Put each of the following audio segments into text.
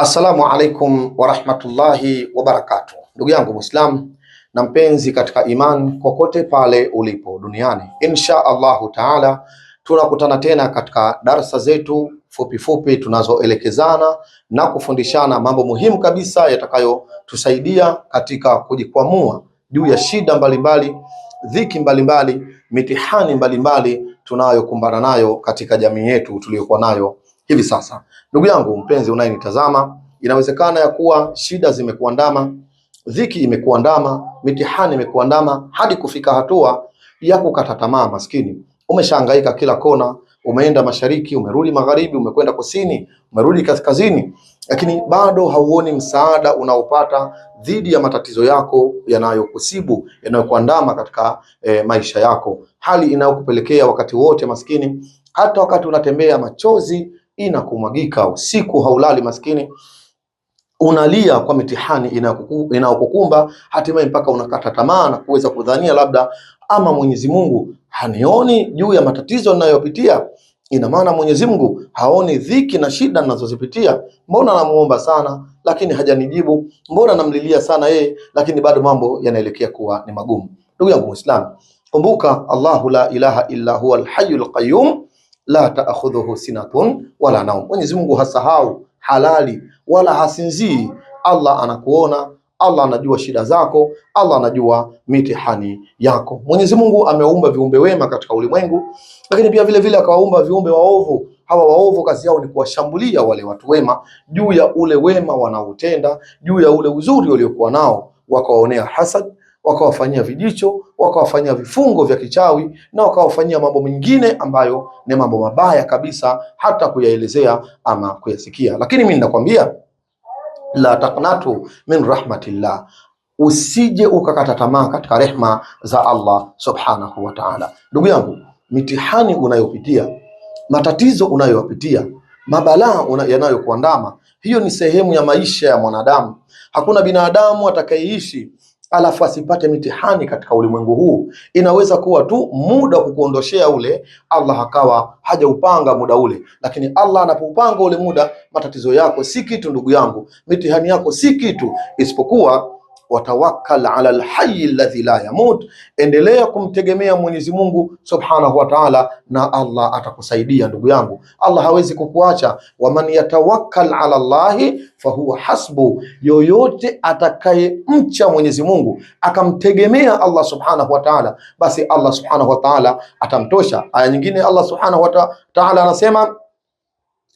Assalamu alaikum warahmatullahi wabarakatuh, ndugu yangu Muislam na mpenzi katika iman, kokote pale ulipo duniani, insha Allahu taala tunakutana tena katika darsa zetu fupifupi tunazoelekezana na kufundishana mambo muhimu kabisa yatakayotusaidia katika kujikwamua juu ya shida mbalimbali mbali, dhiki mbalimbali mbali, mitihani mbalimbali tunayokumbana nayo katika jamii yetu tuliyokuwa nayo hivi sasa. Ndugu yangu mpenzi unayenitazama, inawezekana ya kuwa shida zimekuandama, dhiki imekuandama, mitihani imekuandama hadi kufika hatua ya kukata tamaa. Maskini umeshahangaika kila kona, umeenda mashariki, umerudi magharibi, umekwenda kusini, umerudi kaskazini, lakini bado hauoni msaada unaopata dhidi ya matatizo yako yanayokusibu yanayokuandama katika e, maisha yako, hali inayokupelekea wakati wote maskini, hata wakati unatembea machozi inakumwagika, usiku haulali maskini, unalia kwa mitihani inayokukumba, hatimaye mpaka unakata tamaa na kuweza kudhania labda ama Mwenyezi Mungu hanioni juu ya matatizo ninayopitia. Ina maana Mwenyezi Mungu haoni dhiki na shida ninazozipitia? Mbona namuomba sana lakini hajanijibu? Mbona namlilia sana yeye lakini bado mambo yanaelekea kuwa ni magumu? Ndugu yangu Muislamu, kumbuka Allahu la ilaha illa huwa alhayyul qayyum la taakhudhuhu sinatun wala naum, Mwenyezi Mungu hasahau halali wala hasinzii. Allah anakuona, Allah anajua shida zako, Allah anajua mitihani yako. Mwenyezi Mungu ameumba viumbe wema katika ulimwengu, lakini pia vile vile akawaumba viumbe waovu. Hawa waovu kazi yao ni kuwashambulia wale watu wema juu ya ule wema wanaotenda, juu ya ule uzuri waliokuwa nao, wakawaonea hasad wakawafanyia vijicho, wakawafanyia vifungo vya kichawi na wakawafanyia mambo mengine ambayo ni mambo mabaya kabisa hata kuyaelezea ama kuyasikia. Lakini mimi ninakwambia la taqnatu min rahmatillah, usije ukakata tamaa katika rehma za Allah subhanahu wa ta'ala. Ndugu yangu, mitihani unayopitia, matatizo unayopitia, mabalaa yanayokuandama, hiyo ni sehemu ya maisha ya mwanadamu. Hakuna binadamu atakayeishi alafu asipate mitihani katika ulimwengu huu. Inaweza kuwa tu muda kukuondoshea ule, Allah akawa hajaupanga muda ule, lakini Allah anapoupanga ule muda, matatizo yako si kitu, ndugu yangu, mitihani yako si kitu, isipokuwa watawakkal ala alhayy alladhi la yamut, endelea kumtegemea Mwenyezi Mungu subhanahu wa ta'ala, na Allah atakusaidia ndugu yangu. Allah hawezi kukuacha. Waman yatawakkal ala llahi fahuwa hasbu, yoyote atakayemcha Mwenyezi Mungu akamtegemea Allah subhanahu wa ta'ala, basi Allah subhanahu wa ta'ala atamtosha. Aya nyingine Allah subhanahu wa ta'ala anasema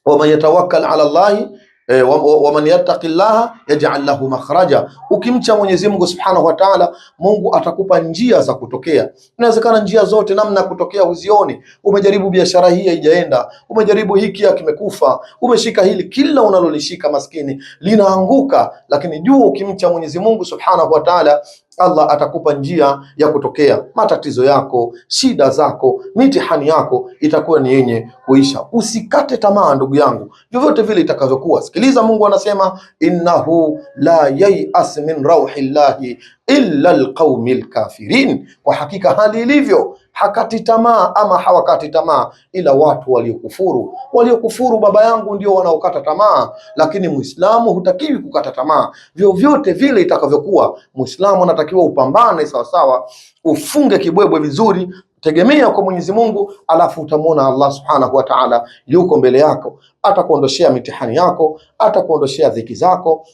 waman yatawakkal ala llahi E, eh, waman wa yattaqillaha yaj'al lahu makhraja, ukimcha Mwenyezi Mungu Subhanahu wa Ta'ala, Mungu atakupa njia za kutokea. Inawezekana njia zote namna ya kutokea huzioni. Umejaribu biashara hii haijaenda, umejaribu hiki kimekufa, umeshika hili, kila unalolishika maskini linaanguka, lakini jua ukimcha Mwenyezi Mungu Subhanahu wa Ta'ala Allah atakupa njia ya kutokea matatizo yako, shida zako, mitihani yako itakuwa ni yenye kuisha. Usikate tamaa ndugu yangu, vyovyote vile itakavyokuwa. Sikiliza, Mungu anasema innahu la yaias min rauhi llahi illa lqaumi lkafirin, kwa hakika hali ilivyo, hakati tamaa ama hawakati tamaa ila watu waliokufuru. Waliokufuru baba yangu ndio wanaokata tamaa, lakini Muislamu hutakiwi kukata tamaa vyovyote vile itakavyokuwa. Muislamu anatakiwa upambane sawasawa, ufunge kibwebwe vizuri tegemea kwa Mwenyezi Mungu, alafu utamwona Allah Subhanahu wa Ta'ala yuko mbele yako, atakuondoshea mitihani yako, atakuondoshea dhiki zako,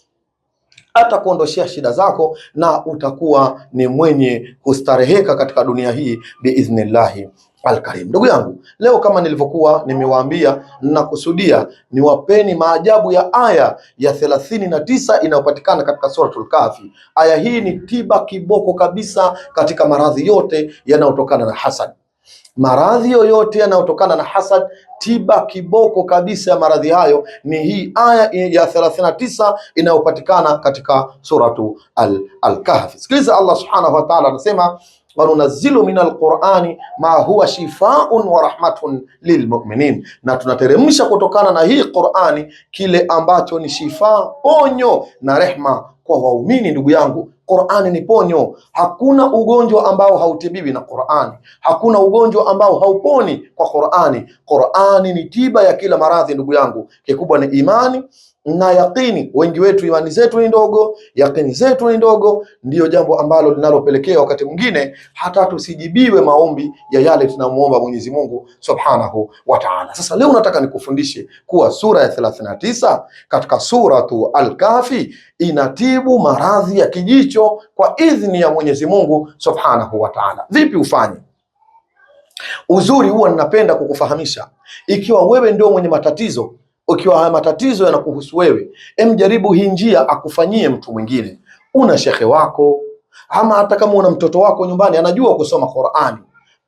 atakuondoshea shida zako na utakuwa ni mwenye kustareheka katika dunia hii biidhnillahi alkarim. Ndugu yangu, leo kama nilivyokuwa nimewaambia, ni niwapeni maajabu ya aya ya thelathini na tisa inayopatikana katika suratul Kahfi. Aya hii ni tiba kiboko kabisa katika maradhi yote yanayotokana na hasad maradhi yoyote yanayotokana na hasad, tiba kiboko kabisa ya maradhi hayo ni hii aya ya 39 inayopatikana katika suratu Al-Kahfi. Sikiliza, Allah subhanahu wa ta'ala anasema wanunazilu min alqurani ma huwa shifaun wa rahmatun lilmuminin, na tunateremsha kutokana na hii Qurani kile ambacho ni shifaa, ponyo na rehma kwa waumini. Ndugu yangu, Qurani ni ponyo. Hakuna ugonjwa ambao hautibiwi na Qurani, hakuna ugonjwa ambao hauponi kwa Qurani. Qurani ni tiba ya kila maradhi. Ndugu yangu, kikubwa ni imani na yakini. Wengi wetu imani zetu ni ndogo, yakini zetu ni ndogo, ndiyo jambo ambalo linalopelekea wakati mwingine hata tusijibiwe maombi ya yale tunamuomba Mwenyezi Mungu Subhanahu wa Ta'ala. Sasa leo nataka nikufundishe kuwa sura ya 39 katika suratu Al-Kahfi inatibu maradhi ya kijicho kwa idhini ya Mwenyezi Mungu Subhanahu wa Ta'ala. Vipi ufanye? Uzuri huwa ninapenda kukufahamisha, ikiwa wewe ndio mwenye matatizo ukiwa haya matatizo yanakuhusu wewe, em, jaribu hii njia akufanyie mtu mwingine. Una shekhe wako ama hata kama una mtoto wako nyumbani anajua kusoma Qur'ani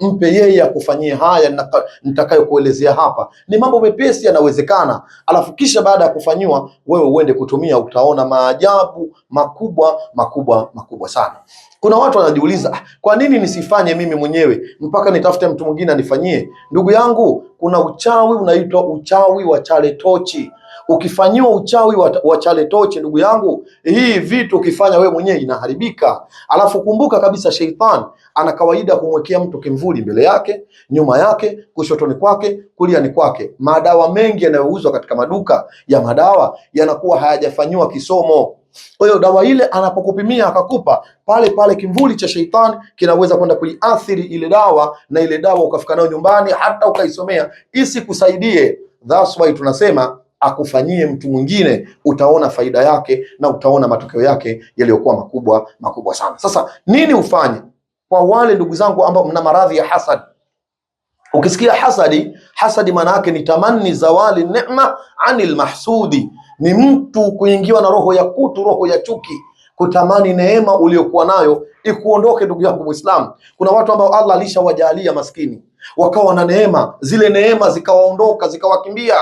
mpe yeye akufanyie haya nitakayokuelezea hapa. Ni mambo mepesi, yanawezekana. Alafu kisha baada ya kufanyiwa wewe uende kutumia, utaona maajabu makubwa makubwa makubwa sana. Kuna watu wanajiuliza, ah, kwa nini nisifanye mimi mwenyewe mpaka nitafute mtu mwingine anifanyie? Ndugu yangu, kuna uchawi unaitwa uchawi wa chale tochi ukifanyiwa uchawi wa chale tochi, ndugu yangu, hii vitu ukifanya wewe mwenyewe inaharibika. Alafu kumbuka kabisa, sheitani ana kawaida kumwekea mtu kimvuli mbele yake, nyuma yake, kushotoni kwake, kuliani kwake. Madawa mengi yanayouzwa katika maduka ya madawa yanakuwa hayajafanyiwa kisomo kwa hiyo dawa ile anapokupimia akakupa pale pale, kimvuli cha sheitani kinaweza kwenda kuiathiri ile dawa, na ile dawa ukafika nayo nyumbani, hata ukaisomea isikusaidie. That's why tunasema akufanyie mtu mwingine, utaona faida yake na utaona matokeo yake yaliyokuwa makubwa makubwa sana. Sasa nini ufanye kwa wale ndugu zangu ambao mna maradhi ya hasad? Ukisikia hasadi, hasadi maana yake ni tamani zawali neema anil mahsudi, ni mtu kuingiwa na roho ya kutu, roho ya chuki, kutamani neema uliyokuwa nayo ikuondoke. Ndugu yangu Muislamu, kuna watu ambao Allah alishawajalia maskini wakawa na neema, zile neema zikawaondoka zikawakimbia.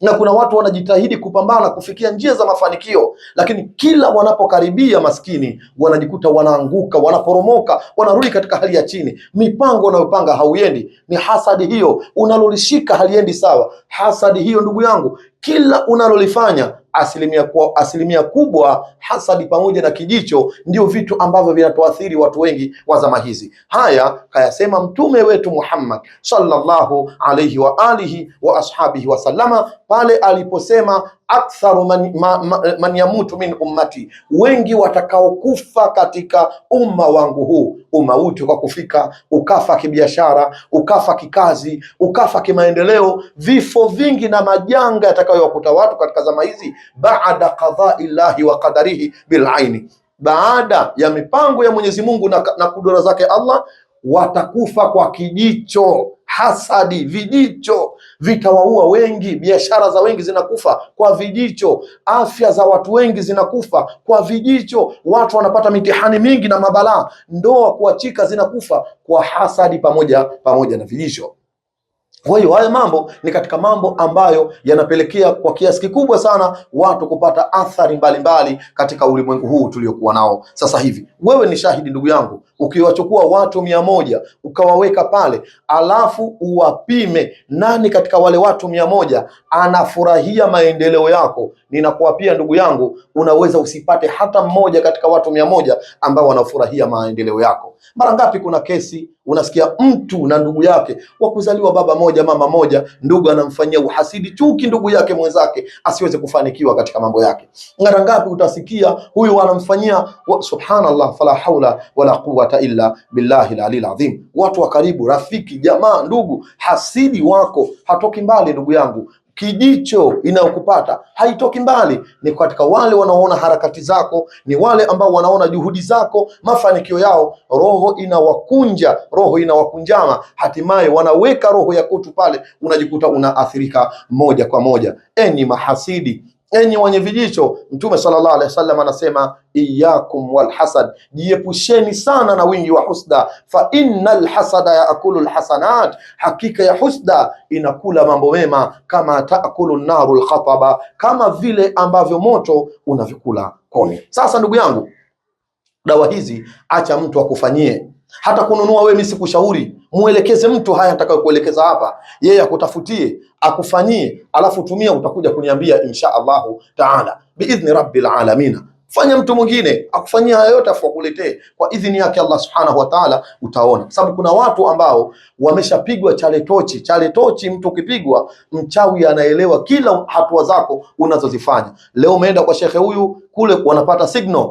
Na kuna watu wanajitahidi kupambana kufikia njia za mafanikio, lakini kila wanapokaribia maskini wanajikuta wanaanguka, wanaporomoka, wanarudi katika hali ya chini. Mipango unayopanga hauendi, ni hasadi hiyo, unalolishika haliendi sawa. Hasadi hiyo, ndugu yangu, kila unalolifanya asilimia, kwa, asilimia kubwa hasadi pamoja na kijicho ndio vitu ambavyo vinatuathiri watu wengi wa zama hizi. Haya kayasema mtume wetu Muhammad sallallahu alayhi wa alihi wa ashabihi sallama pale aliposema aktharu man, ma, ma, man yamutu min ummati, wengi watakaokufa katika umma wangu huu. Umauti kwa kufika, ukafa kibiashara, ukafa kikazi, ukafa kimaendeleo, vifo vingi na majanga yatakayowakuta watu katika zama hizi baada qadhai llahi wa qadarihi bil aini, baada ya mipango ya Mwenyezi Mungu na, na kudura zake Allah watakufa kwa kijicho. Hasadi, vijicho vitawaua wengi, biashara za wengi zinakufa kwa vijicho, afya za watu wengi zinakufa kwa vijicho, watu wanapata mitihani mingi na mabalaa, ndoa kuachika zinakufa kwa hasadi pamoja pamoja na vijicho. Kwa hiyo haya mambo ni katika mambo ambayo yanapelekea kwa kiasi kikubwa sana watu kupata athari mbalimbali mbali katika ulimwengu huu tuliokuwa nao sasa hivi. Wewe ni shahidi ndugu yangu, ukiwachukua watu mia moja ukawaweka pale, alafu uwapime nani katika wale watu mia moja anafurahia maendeleo yako, ninakuapia ndugu yangu, unaweza usipate hata mmoja katika watu mia moja ambao wanafurahia maendeleo yako. Mara ngapi kuna kesi unasikia mtu na ndugu yake wa kuzaliwa baba moja, mama moja, ndugu anamfanyia uhasidi, chuki ndugu yake mwenzake asiweze kufanikiwa katika mambo yake. Mara ngapi utasikia huyu anamfanyia subhanallah, fala haula wala quwwata illa billahi lalil adhim. Watu wa karibu, rafiki, jamaa, ndugu, hasidi wako hatoki mbali, ndugu yangu, kijicho inayokupata haitoki mbali, ni katika wale wanaoona harakati zako, ni wale ambao wanaona juhudi zako, mafanikio yao. Roho inawakunja, roho inawakunjama, hatimaye wanaweka roho ya kutu pale, unajikuta unaathirika moja kwa moja. Enyi mahasidi enyi wenye vijicho. Mtume sallallahu alaihi wasallam anasema iyakum walhasad, jiepusheni sana na wingi wa husda. Fa innal hasada yaakulu lhasanat, hakika ya husda inakula mambo mema. Kama taakulu naru lkhataba, kama vile ambavyo moto unavyokula koni. Sasa ndugu yangu, dawa hizi acha mtu akufanyie hata kununua wewe, mimi sikushauri. Muelekeze mtu haya atakayokuelekeza hapa, yeye akutafutie akufanyie, alafu tumia, utakuja kuniambia insha Allahu taala biidhni rabbil alamin. Fanya mtu mwingine akufanyia haya yote, afu akuletee kwa idhini yake Allah subhanahu wa taala. Utaona, kwa sababu kuna watu ambao wameshapigwa chale tochi. Chale tochi, mtu ukipigwa, mchawi anaelewa kila hatua zako unazozifanya. Leo umeenda kwa shekhe huyu kule, wanapata signal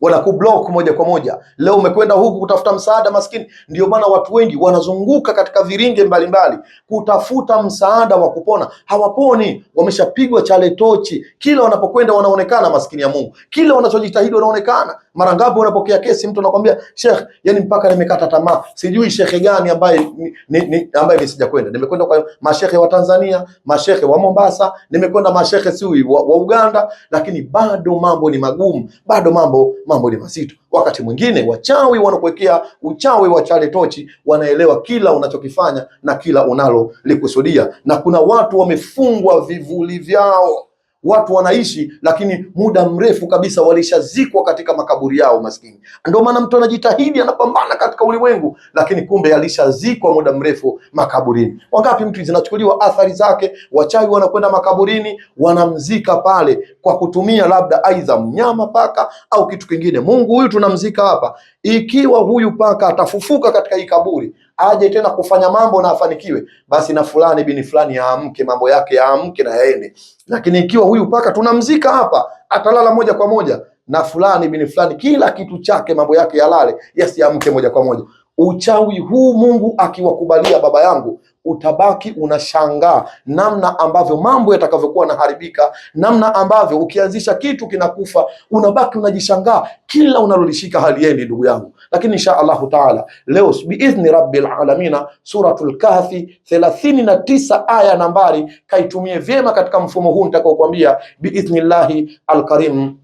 wanakublock moja kwa moja. Leo umekwenda huku kutafuta msaada maskini. Ndio maana watu wengi wanazunguka katika viringe mbalimbali mbali, kutafuta msaada wa kupona, hawaponi. Wameshapigwa chale tochi, kila wanapokwenda wanaonekana maskini ya Mungu, kila wanachojitahidi wanaonekana. Mara ngapi unapokea kesi, mtu anakwambia Sheikh, yani mpaka nimekata tamaa, sijui shekhe gani ambaye ni, ni, ni, ambaye mimi sijakwenda. Nimekwenda kwa mashehe wa Tanzania, mashehe wa Mombasa, nimekwenda mashehe siwi wa, wa Uganda, lakini bado mambo ni magumu, bado mambo mambo ni mazito. Wakati mwingine wachawi wanakuwekea uchawi wa chale tochi, wanaelewa kila unachokifanya na kila unalolikusudia, na kuna watu wamefungwa vivuli vyao watu wanaishi, lakini muda mrefu kabisa walishazikwa katika makaburi yao maskini. Ndio maana mtu anajitahidi, anapambana katika ulimwengu, lakini kumbe alishazikwa muda mrefu makaburini. Wangapi mtu zinachukuliwa athari zake, wachawi wanakwenda makaburini, wanamzika pale kwa kutumia labda aidha mnyama paka au kitu kingine. Mungu huyu tunamzika hapa, ikiwa huyu paka atafufuka katika hii kaburi aje tena kufanya mambo na afanikiwe, basi na fulani bini fulani yaamke, mambo yake yaamke na yaende. Lakini ikiwa huyu paka tunamzika hapa, atalala moja kwa moja, na fulani bini fulani, kila kitu chake mambo yake yalale, yasiamke moja kwa moja. Uchawi huu Mungu akiwakubalia, baba yangu, utabaki unashangaa namna ambavyo mambo yatakavyokuwa naharibika, namna ambavyo ukianzisha kitu kinakufa, unabaki unajishangaa, kila unalolishika haliendi, ndugu yangu lakini insha Allahu taala leo biidhni rabbil alamina, Suratul Kahfi thelathini na tisa aya nambari, kaitumie vyema katika mfumo huu nitakaokuambia biidhnillahi alkarim,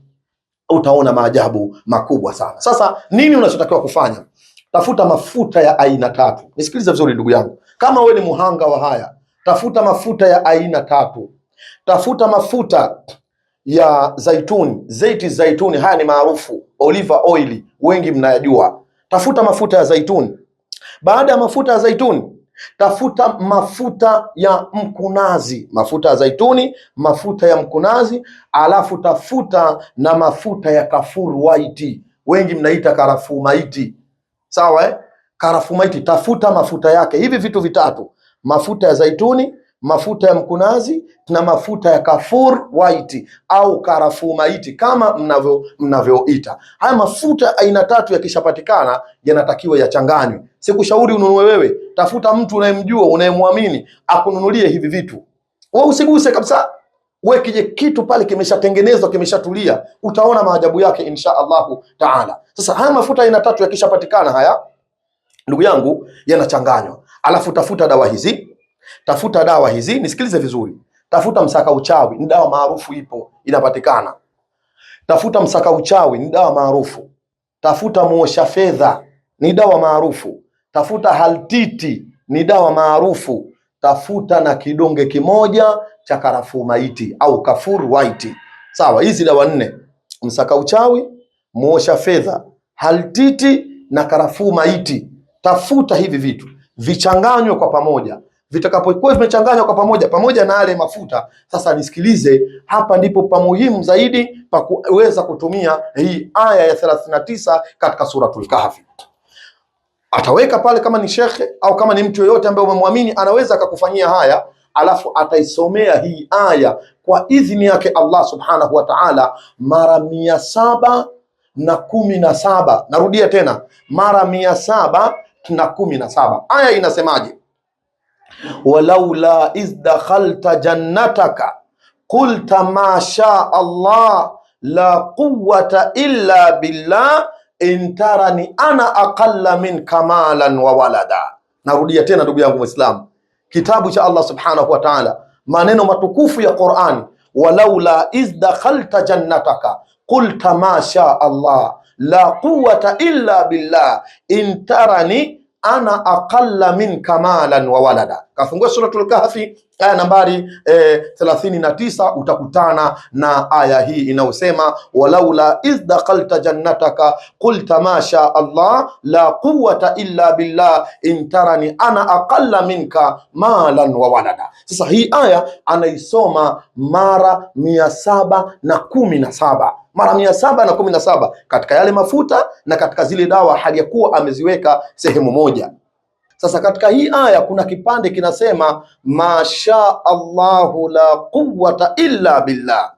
utaona maajabu makubwa sana. Sasa nini unachotakiwa kufanya? Tafuta mafuta ya aina tatu. Nisikilize vizuri ndugu yangu, kama wewe ni muhanga wa haya, tafuta mafuta ya aina tatu, tafuta mafuta ya zaituni, zeiti zaituni, haya ni maarufu, olive oil, wengi mnayajua. Tafuta mafuta ya zaituni. Baada ya mafuta ya zaituni, tafuta mafuta ya mkunazi, mafuta ya zaituni, mafuta ya mkunazi, alafu tafuta na mafuta ya kafuru white, wengi mnaita karafuu maiti, sawa eh? Karafuu maiti, tafuta mafuta yake. Hivi vitu vitatu, mafuta ya zaituni mafuta ya mkunazi na mafuta ya kafur white au karafuu maiti kama mnavyo mnavyoita. Haya mafuta aina tatu yakishapatikana yanatakiwa yachanganywe. Sikushauri ununue wewe, tafuta mtu unayemjua unayemwamini akununulie hivi vitu, wewe usiguse kabisa. We kije kitu pale kimeshatengenezwa kimeshatulia, utaona maajabu yake insha Allahu taala. Sasa haya mafuta aina tatu yakishapatikana haya, ndugu yangu, yanachanganywa, alafu tafuta dawa hizi Tafuta dawa hizi, nisikilize vizuri. Tafuta msaka uchawi, ni dawa maarufu, ipo inapatikana. Tafuta msaka uchawi, ni dawa maarufu. Tafuta muosha fedha, ni dawa maarufu. Tafuta haltiti, ni dawa maarufu. Tafuta na kidonge kimoja cha karafuu maiti au kafuru waiti. Sawa, hizi dawa nne: msaka uchawi, muosha fedha, haltiti na karafuu maiti. Tafuta hivi vitu vichanganywe kwa pamoja vitakapokuwa vimechanganywa kwa pamoja pamoja na yale mafuta. Sasa nisikilize, hapa ndipo pa muhimu zaidi pa kuweza kutumia hii aya ya 39 katika Suratul Kahfi. Ataweka pale kama ni shekhe au kama ni mtu yoyote ambaye umemwamini anaweza akakufanyia haya, alafu ataisomea hii aya kwa idhini yake Allah subhanahu wa ta'ala mara mia saba na kumi na saba. Narudia tena mara mia saba na kumi na saba. Aya inasemaje? walaula izdakhalta jannataka qulta ma sha Allah la quwwata illa billah tarani ana aqalla min kamalan wa walada. Narudia tena ndugu yangu muislam kitabu cha Allah subhanahu wa ta'ala, maneno matukufu ya Qur'ani, walaula izdakhalta jannataka qulta ma sha Allah la quwwata illa billah intarani ana aqalla min kamalan wa walada kafungua Suratul Kahfi aya nambari eh, thelathini na tisa utakutana na aya hii inayosema walaula idh dakhalta jannataka qulta ma sha Allah la quwwata illa billah intarani ana aqalla minka malan wa walada. Sasa hii aya anaisoma mara mia saba na kumi na saba mara mia saba na kumi na saba katika yale mafuta na katika zile dawa, hali ya kuwa ameziweka sehemu moja. Sasa katika hii aya kuna kipande kinasema masha Allahu la quwwata illa billah,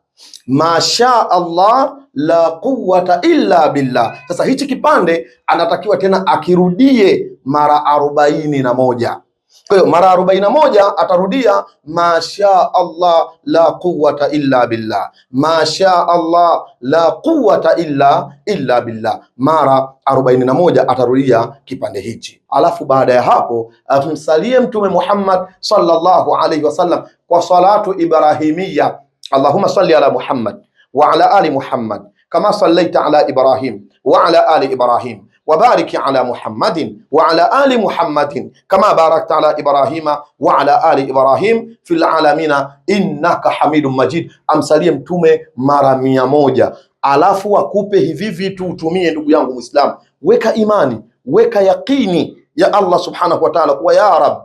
masha Allah la quwwata illa billah. Sasa hichi kipande anatakiwa tena akirudie mara arobaini na moja kwa hiyo mara arobaini na moja atarudia masha Allah la quwwata illa billah, masha Allah la quwata illa illa billah. Mara arobaini na moja atarudia kipande hichi, alafu baada ya hapo amsalie Mtume Muhammad sallallahu alaihi wasallam kwa salatu ibrahimiya, Allahumma salli ala Muhammad wa ala ali Muhammad kama sallaita ala Ibrahim wa ala ali Ibrahim wabariki ala Muhammadin wa ala ali Muhammadin kama barakta ala Ibrahima wa ala ali Ibrahim fil alamina innaka hamidum majid. Amsalie mtume mara mia moja alafu wakupe hivi vitu utumie. Ndugu yangu Muislamu, weka imani, weka yaqini ya Allah subhanahu wa ta'ala kuwa ya Rab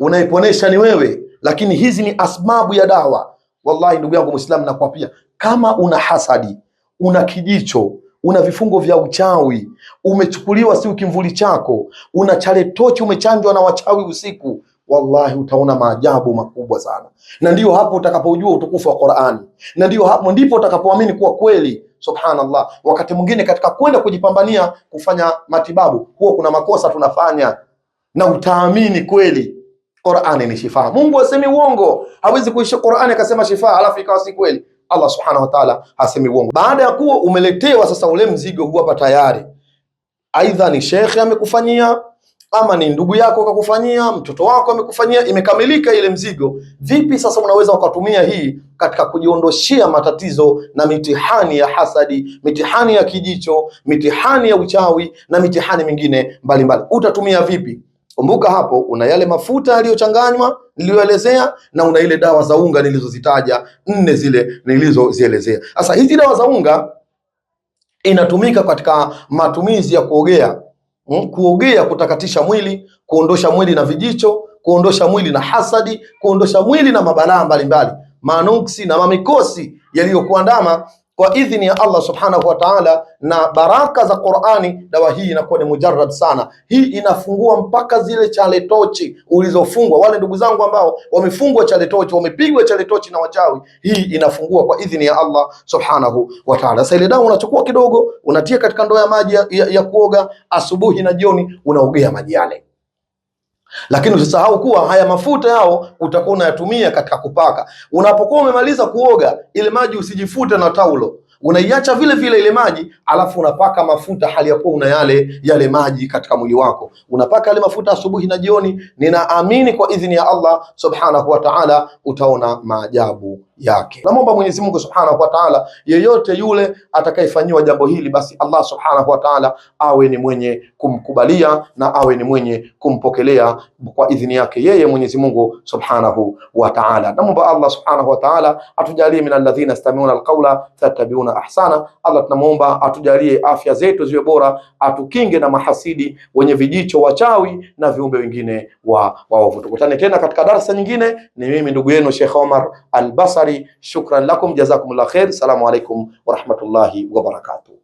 unaiponesha ni wewe, lakini hizi ni asbabu ya dawa. Wallahi ndugu yangu Muislamu, nakwapia kama una hasadi, una kijicho una vifungo vya uchawi, umechukuliwa si kimvuli chako, una chaletochi, umechanjwa na wachawi usiku Wallahi, utaona maajabu makubwa sana, na ndiyo hapo utakapojua utukufu wa Qur'ani, na ndiyo hapo ndipo utakapoamini kuwa kweli, subhanallah. Wakati mwingine katika kwenda kujipambania kufanya matibabu, huwa kuna makosa tunafanya, na utaamini kweli Qur'ani ni shifa. Mungu asemi uongo, hawezi kuishi Qur'ani akasema shifa alafu ikawa si kweli. Allah subhanahu wa ta'ala hasemi uongo. Baada ya kuwa umeletewa sasa ule mzigo huwa hapa tayari, aidha ni shekhe amekufanyia ama ni ndugu yako akakufanyia, mtoto wako amekufanyia, imekamilika ile mzigo. Vipi sasa unaweza ukatumia hii katika kujiondoshia matatizo na mitihani ya hasadi, mitihani ya kijicho, mitihani ya uchawi na mitihani mingine mbalimbali mbali. Utatumia vipi? Kumbuka hapo una yale mafuta yaliyochanganywa niliyoelezea, na una ile dawa za unga nilizozitaja nne zile nilizozielezea. Sasa hizi dawa za unga inatumika katika matumizi ya kuogea, hmm? kuogea kutakatisha mwili, kuondosha mwili na vijicho, kuondosha mwili na hasadi, kuondosha mwili na mabalaa mbalimbali manuksi na mamikosi yaliyokuandama kwa idhini ya Allah subhanahu wa ta'ala na baraka za Qur'ani, dawa hii inakuwa ni mujarrad sana. Hii inafungua mpaka zile chale tochi ulizofungwa. Wale ndugu zangu ambao wamefungwa chale tochi, wamepigwa chale tochi na wachawi, hii inafungua kwa idhini ya Allah subhanahu wa ta'ala. Sasa ile dawa unachukua kidogo, unatia katika ndoo ya maji ya, ya, ya kuoga asubuhi na jioni, unaogea maji yale lakini usisahau kuwa haya mafuta yao utakuwa unayatumia katika kupaka. Unapokuwa umemaliza kuoga, ile maji usijifute na taulo, unaiacha vile vile ile maji, alafu unapaka mafuta hali ya kuwa una yale yale maji katika mwili wako. Unapaka yale mafuta asubuhi na jioni. Ninaamini kwa idhini ya Allah subhanahu wa ta'ala, utaona maajabu yake. Namwomba Mwenyezi Mungu Subhanahu wa Ta'ala, yeyote yule atakayefanyiwa jambo hili, basi Allah Subhanahu wa Ta'ala awe ni mwenye kumkubalia na awe ni mwenye kumpokelea kwa idhini yake yeye Mwenyezi Mungu Subhanahu wa Ta'ala. Namwomba Allah Subhanahu wa Ta'ala atujalie min alladhina yastami'una alqawla fayattabi'una ahsana. Allah, tunamwomba atujalie afya zetu ziwe bora, atukinge na mahasidi wenye vijicho, wachawi na viumbe wengine wa waovu. Tukutane tena katika darasa nyingine. Ni mimi ndugu yenu Sheikh Omar Al-Basri البخاري شكرا لكم جزاكم الله خير السلام عليكم ورحمة الله وبركاته